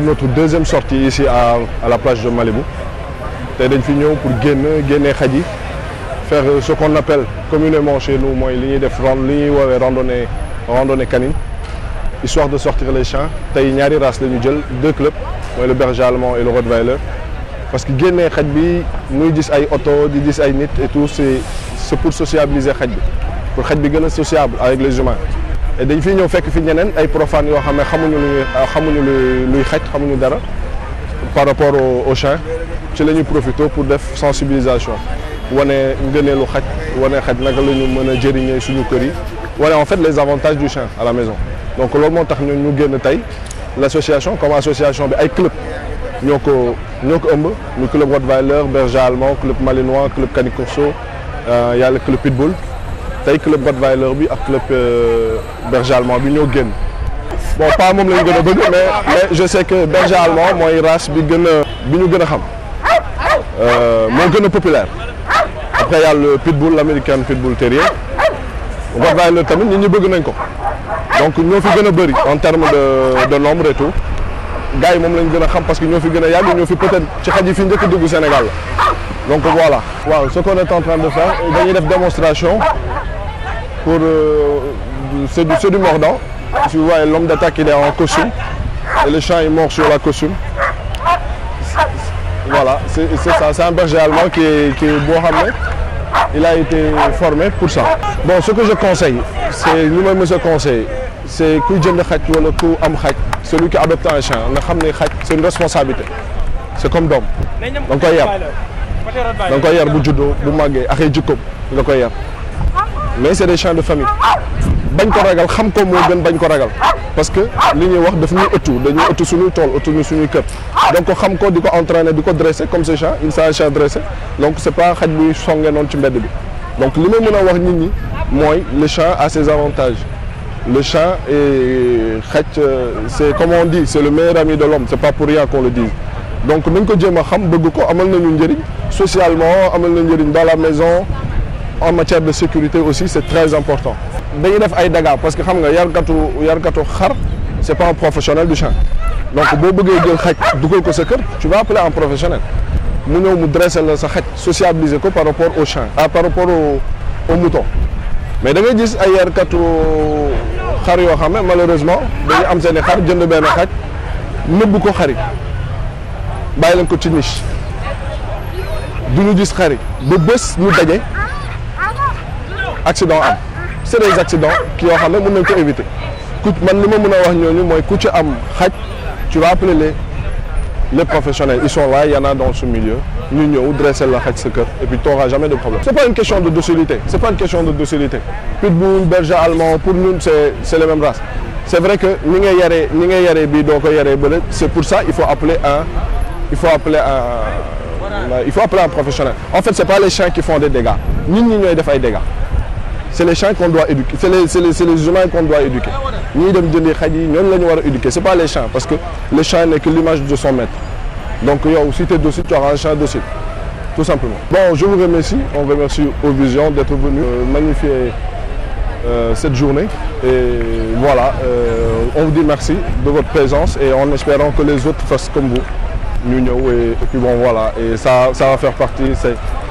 notre deuxième sortie ici à, la plage de Malibu. Nous dañ fi pour gagner faire ce qu'on appelle communément chez nous moins li de def ron ou randonnée randonnée canine histoire de sortir les champs Nous ñaari deux clubs le berger allemand et le rottweiler parce que gagner Khadi, nous muy à ay oto di gis ay et tout c'est c'est pour sociabiliser les pour xaj bi sociable avec les humains dañ fi ñëw fekk fi ñeneen ay profane yoo xam ne xamuñu luy xamuñu luy luy xaj xamuñu dara par rapport au chien ci la ñuy profité pour def sensibilisation wane ngëneelu xaj wane xaj naka la ñu mën a jëriñee suñu kër yi wane en fait les avantages du chien à la maison donc loolu moo tax ñun ñu génn tey l' association comme association bi ay club ñoo ko ñoo ko ëmb ñu club Rottweiler berger allemand club malinois club canicorso euh, y a le club pitbull tey club Budweiser bi ak club euh, berger allemand bi ñoo gën bon pas mom lañu gëna bëgg mais je sais que berger allemand mooy race bi gëna a bi ñu xam euh mo gëna populaire après y a le pitbull américain pitbull terrier Budweiser tamit ñi ñu bëgg nañ ko donc ñoo fi bëri en terme de de nombre et tout gars yi moom lañu gën a xam parce que ñoo fi gën a yàgg ñoo fi peut-être ci xaj yi fi njëkk dugg Sénégal donc voilà waaw ce qu'on est en train de faire dañuy def démonstration pour euh, c'est du, mordant. tu vois l'homme d'attaque, il est en costume. Et le chien il mord sur la costume. Voilà, c'est ça. C'est un berger allemand qui est, qui Il a été formé pour ça. Bon, ce que je conseille, c'est lui-même ce conseil. c'est que celui qui adopte un chien, c'est une responsabilité. C'est comme d'homme. Donc, il y a. Donc, y mais c'est des champs de famille Bagn ko ragal xam ko mo gën bagn ko ragal parce que li ñuy wax daf ñu ëttu dañuy ëttu suñu tool ëttu ñu suñuy kër donc xam ko diko entraîner diko dresser comme ces chat ils c'est un dresser. dressé donc c'est pas xaj bi songé non ci mbéd bi donc li mëna wax nit ñi moy le chat a ses avantages le chat est xaj c'est comme on dit c'est le meilleur ami de l'homme c'est pas pour rien qu'on le dise donc nañ ko jéem xam bëgg ko amal nañu njëriñ socialement amal nañu njëriñ dans la maison en matière de sécurité aussi c'est très important dañuy def ay dégâts parce que xam nga yarkatu yarkatu xar c'est pas un professionnel du champ donc boo bëggee jël xaj du ko sa kër tu vas appeler un professionnel mu ñëw mu dresser la sa xaj socialiser ko par rapport au champ ah, par rapport au au mouton mais da ngay gis ay yarkatu xar yoo xam malheureusement dañu am seen i xar jënd benn xaj ne ko chari. Bah leen ko ci niche du ñu gis xari ba bés ñu daje accident c'est des accidents qui ont xam éviter tu vas appeler les professionnels ils sont là il y en a dans ce milieu ñu ñëw dresser la et puis tu n'auras jamais de problème c'est pas une question de docilité c'est pas une question de docilité pitbull berger allemand pour nous, c'est c'est les mêmes races c'est vrai que ni ni c'est pour ça il faut appeler un il faut appeler un il faut appeler un professionnel en fait c'est pas les chiens qui font des dégâts Nous, nous avons def dégâts c'est les champs qu'on doit éduquer c'est les, les, humains qu'on doit éduquer Ni de c'est pas les chiens. parce que les chiens n'est que l'image de son maître donc si tu es docile tu auras un chien docile tout simplement bon je vous remercie on remercie Ovision d'être venu euh, magnifier euh, cette journée et voilà euh, on vous dit merci de votre présence et en espérant que les autres fassent comme vous ñu et, puis bon voilà et ça ça va faire partie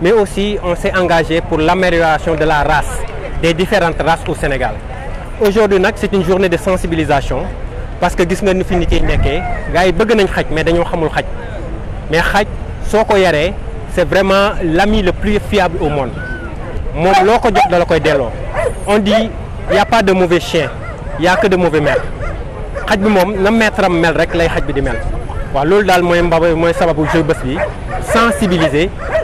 mais aussi on s'est engagé pour l'amélioration de la race, des différentes races au Sénégal. Aujourd'hui c'est une journée de sensibilisation parce que nous nga ni fi nit yi nekkee gars yi nañ mais dañoo xamul xaj mais xaj soo ko c'est vraiment l'ami le plus fiable au monde moom loo ko jox on dit il n'y a pas de mauvais chien il n'y a que de mauvais maître xaj bi mom na maître qui mel rek lay xaj bi di mel wa loolu dal pour mbaba moy sababu jeu bi sensibiliser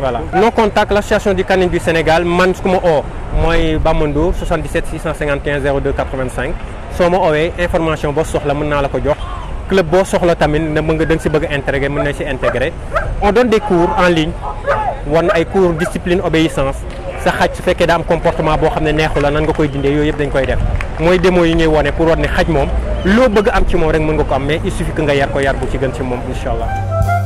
voilà non contact l'association du Canin du Sénégal man O. Moi 77 651 02 85 soo ma information boss soxla mën naa la ko jox club sur soxla tamine ne mën nga da bëgg intégrer. intégré mën nañ intégré on donne des cours en ligne On a des cours discipline obéissance Ça fait que fekkee am comportement boo xam ne neexu la nan nga koy dindee yooyu yëpp dañ koy def mooy démo yi ñuy wone pour vous ne xaj moom loo bëgg am ci moom rek mais il suffit que nga yar ko ci gën ci